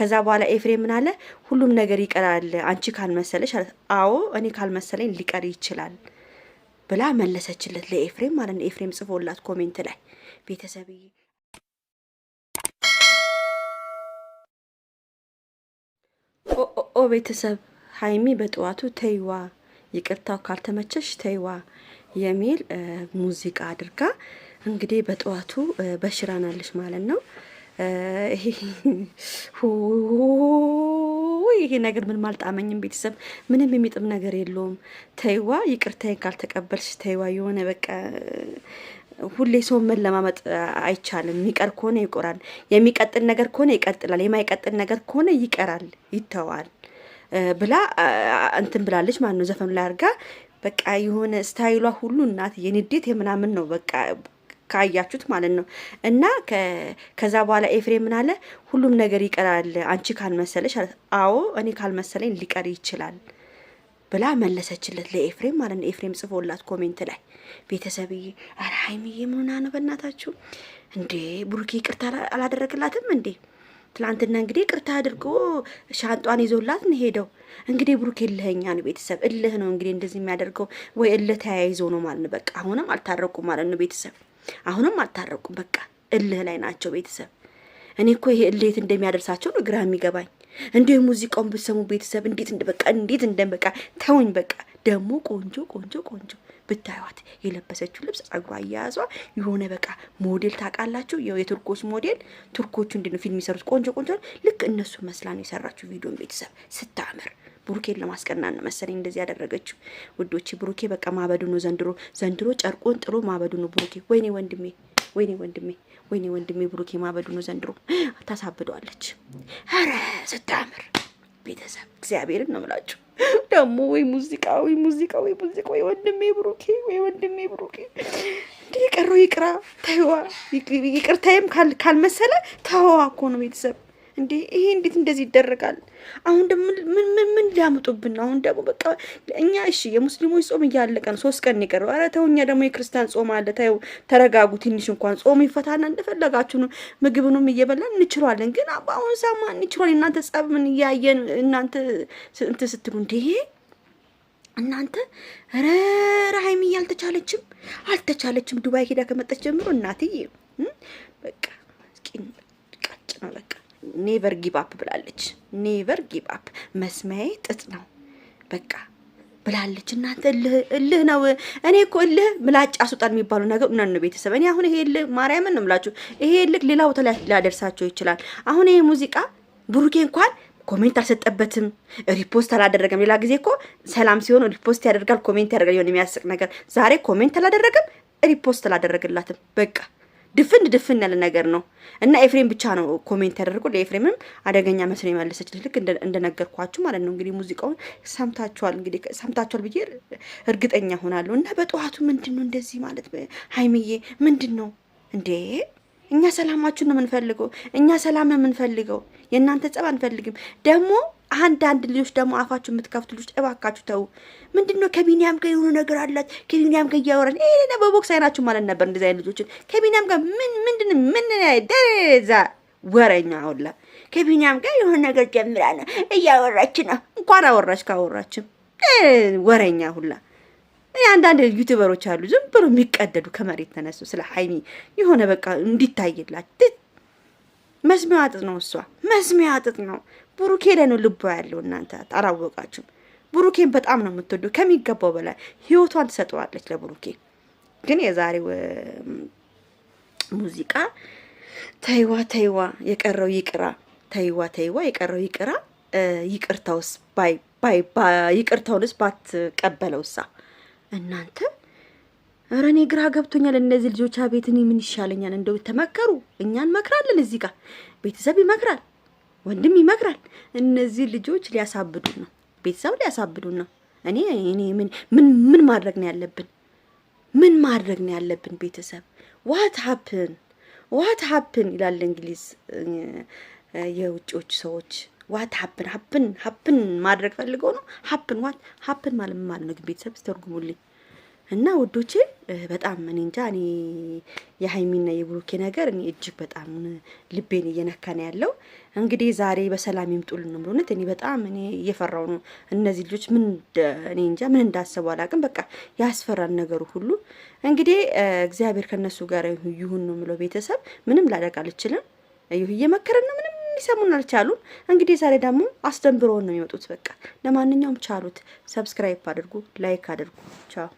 ከዛ በኋላ ኤፍሬም ምን አለ? ሁሉም ነገር ይቀራል አንቺ ካልመሰለሽ አዎ እኔ ካልመሰለኝ ሊቀር ይችላል ብላ መለሰችለት ለኤፍሬም ማለት ነው። ኤፍሬም ጽፎላት ኮሜንት ላይ ቤተሰብዬ ኦ ቤተሰብ ሀይሚ በጠዋቱ ተይዋ ይቅርታው ካልተመቸሽ ተይዋ የሚል ሙዚቃ አድርጋ እንግዲህ በጠዋቱ በሽራናለች ማለት ነው። ይሄ ነገር ምንም አልጣመኝም። ቤተሰብ ምንም የሚጥም ነገር የለውም። ተይዋ ይቅርታዬን ካልተቀበልሽ ተይዋ የሆነ በቃ ሁሌ ሰው መለማመጥ አይቻልም። የሚቀር ከሆነ ይቆራል። የሚቀጥል ነገር ከሆነ ይቀጥላል። የማይቀጥል ነገር ከሆነ ይቀራል፣ ይተዋል ብላ እንትን ብላለች ማለት ነው። ዘፈኑ ላይ አድርጋ በቃ የሆነ ስታይሏ ሁሉ እናት የንዴት የምናምን ነው በቃ ካያችሁት ማለት ነው። እና ከዛ በኋላ ኤፍሬም ምን አለ? ሁሉም ነገር ይቀራል አንቺ ካልመሰለሽ አዎ እኔ ካልመሰለኝ ሊቀር ይችላል ብላ መለሰችለት ለኤፍሬም ማለት ነው። ኤፍሬም ጽፎላት ኮሜንት ላይ ቤተሰብዬ፣ ኧረ ሀይሚዬ ምና ነው በእናታችሁ እንዴ! ብሩኬ ይቅርታ አላደረግላትም እንዴ? ትላንትና እንግዲህ ቅርታ አድርጎ ሻንጧን ይዞላት ነው ሄደው። እንግዲህ ብሩክ እልህኛ ነው ቤተሰብ፣ እልህ ነው እንግዲህ እንደዚህ የሚያደርገው ወይ እልህ ተያይዞ ነው ማለት ነው። በቃ አሁንም አልታረቁ ማለት ነው ቤተሰብ። አሁንም አልታረቁም። በቃ እልህ ላይ ናቸው ቤተሰብ። እኔ እኮ ይሄ እልህት እንደሚያደርሳቸው ነው ግራ የሚገባኝ። እንዲ ሙዚቃውን ብትሰሙ ቤተሰብ እንዴት እንደበቃ እንዴት እንደበቃ ተውኝ። በቃ ደግሞ ቆንጆ ቆንጆ ቆንጆ ብታዩት የለበሰችው ልብስ ጸጉሯ አያያዟ የሆነ በቃ ሞዴል ታውቃላችሁ፣ የቱርኮች ሞዴል ቱርኮቹ እንድነው ፊልም የሚሰሩት ቆንጆ ቆንጆ ልክ እነሱ መስላ ነው የሰራችው ቪዲዮን ቤተሰብ ስታምር ብሩኬን ለማስቀናት ነው መሰለኝ እንደዚህ ያደረገችው። ውዶቼ ብሩኬ በቃ ማበዱ ነው ዘንድሮ። ዘንድሮ ጨርቆን ጥሎ ማበዱ ነው ብሩኬ። ወይኔ ወንድሜ ወይኔ ወንድሜ ወይኔ ወንድሜ ብሩኬ ማበዱ ነው ዘንድሮ። ታሳብደዋለች። ኧረ ስታምር ቤተሰብ እግዚአብሔርን ነው ምላችሁ። ደግሞ ወይ ሙዚቃ ወይ ሙዚቃ ወይ ሙዚቃ ወይ ወንድሜ ብሩኬ ወይ ወንድሜ ብሩኬ እንደ የቀረው ይቅራ ተይዋ። ይቅርታይም ካልመሰለ ተዋዋ እኮ ነው ቤተሰብ እንዴ ይሄ እንዴት እንደዚህ ይደረጋል? አሁን ደግሞ ምን ምን ምን ሊያምጡብን? አሁን ደግሞ በቃ እኛ እሺ፣ የሙስሊሞች ጾም እያለቀ ነው፣ ሶስት ቀን ይቀረው። ኧረ ተው፣ እኛ ደግሞ የክርስቲያን ጾም አለ። ተው ተረጋጉ፣ ትንሽ እንኳን ጾም ይፈታና እንደፈለጋችሁ ምግብንም እየበላን እንችሏለን። ግን አሁን ሳማ እንችሏል። እናንተ ጸብ ምን እያየን እናንተ እንትን ስትሉ እንዴ እናንተ ኧረ ሀይሚ አልተቻለችም፣ አልተቻለችም። ዱባይ ሄዳ ከመጣች ጀምሮ እናትዬ በቃ ቀጭ ነው በቃ ኔቨር ጊቭ አፕ ብላለች። ኔቨር ጊቭ አፕ መስሚያዬ ጥጥ ነው በቃ ብላለች። እናንተ እልህ እልህ ነው። እኔ እኮ እልህ ምላጭ አስወጣል የሚባሉ ነገር እውነት ነው። ቤተሰብ እኔ አሁን ይሄ እልህ ማርያምን ነው የምላችሁ፣ ይሄ እልህ ሌላ ቦታ ሊያደርሳቸው ይችላል። አሁን ይሄ ሙዚቃ ብሩኬ እንኳን ኮሜንት አልሰጠበትም፣ ሪፖስት አላደረገም። ሌላ ጊዜ እኮ ሰላም ሲሆን ሪፖስት ያደርጋል፣ ኮሜንት ያደርጋል፣ የሆነ የሚያስቅ ነገር። ዛሬ ኮሜንት አላደረገም፣ ሪፖስት አላደረግላትም በቃ ድፍን ድፍን ያለ ነገር ነው እና ኤፍሬም ብቻ ነው ኮሜንት ያደርጉ ለኤፍሬምም አደገኛ መስሎ የመለሰች ልክ እንደነገርኳችሁ ማለት ነው። እንግዲህ ሙዚቃውን ሰምታችኋል፣ እንግዲህ ሰምታችኋል ብዬ እርግጠኛ ሆናለሁ። እና በጠዋቱ ምንድን ነው እንደዚህ ማለት ሀይምዬ፣ ምንድን ነው እንዴ? እኛ ሰላማችሁን ነው የምንፈልገው። እኛ ሰላም ነው የምንፈልገው። የእናንተ ጸብ አንፈልግም ደግሞ አንዳንድ ልጆች ደግሞ አፋችሁ የምትከፍቱ ልጆች እባካችሁ ተው። ምንድን ነው ከቢኒያም ጋር የሆኑ ነገር አላት፣ ከቢኒያም ጋር እያወራን ይሄ በቦክስ አይናችሁ ማለት ነበር። እንደዚህ አይነት ልጆችን ከቢኒያም ጋር ምን ምንድን ምን ደዛ ወረኛ ሁላ ከቢኒያም ጋር የሆነ ነገር ጀምራ ነው እያወራች ነው። እንኳን አወራች ካወራችም ወረኛ ሁላ አንዳንድ ዩቱበሮች አሉ ዝም ብሎ የሚቀደዱ ከመሬት ተነሱ ስለ ሀይሚ የሆነ በቃ እንዲታይላት መስሚያ አጥጥ ነው። እሷ መስሚያ አጥጥ ነው። ብሩኬ ላይ ነው ልቦ ያለው። እናንተ አላወቃችሁም። ብሩኬን በጣም ነው የምትወደው ከሚገባው በላይ ህይወቷን ትሰጠዋለች ለብሩኬ። ግን የዛሬው ሙዚቃ ተይዋ ተይዋ የቀረው ይቅራ፣ ተይዋ ተይዋ የቀረው ይቅራ። ይቅርታውስ ባይ ባይ ይቅርታውንስ ባትቀበለውሳ እናንተ ኧረ እኔ ግራ ገብቶኛል። እነዚህ ልጆች አቤት እኔ ምን ይሻለኛል? እንደው ተመከሩ። እኛን መክራለን እዚህ ጋር ቤተሰብ ይመክራል። ወንድም ይመክራል። እነዚህ ልጆች ሊያሳብዱ ነው፣ ቤተሰብ ሊያሳብዱ ነው። እኔ እኔ ምን ምን ምን ማድረግ ነው ያለብን? ምን ማድረግ ነው ያለብን? ቤተሰብ ዋት ሀፕን ዋት ሀፕን ይላል እንግሊዝ የውጭዎች ሰዎች ዋት ሀፕን ሀፕን ሀፕን ማድረግ ፈልገው ነው። ሀፕን ዋት ሀፕን ማለት ማለት ነው። ቤተሰብ ስተርጉሙልኝ እና ውዶቼ በጣም እኔ እንጃ እኔ የሀይሚና የብሩኬ ነገር እኔ እጅግ በጣም ልቤን እየነካ ያለው። እንግዲህ ዛሬ በሰላም ይምጡልን ነው ብሎነት። እኔ በጣም እኔ እየፈራው ነው። እነዚህ ልጆች ምን እኔ እንጃ ምን እንዳሰቡ አላውቅም። በቃ ያስፈራል ነገሩ ሁሉ። እንግዲህ እግዚአብሔር ከነሱ ጋር ይሁን ነው የምለው። ቤተሰብ ምንም ላደርግ አልችልም። ይህ እየመከረን ነው ምንም ሊሰሙን አልቻሉም። እንግዲህ ዛሬ ደግሞ አስደንብረውን ነው የሚወጡት። በቃ ለማንኛውም ቻሉት። ሰብስክራይብ አድርጉ፣ ላይክ አድርጉ። ቻው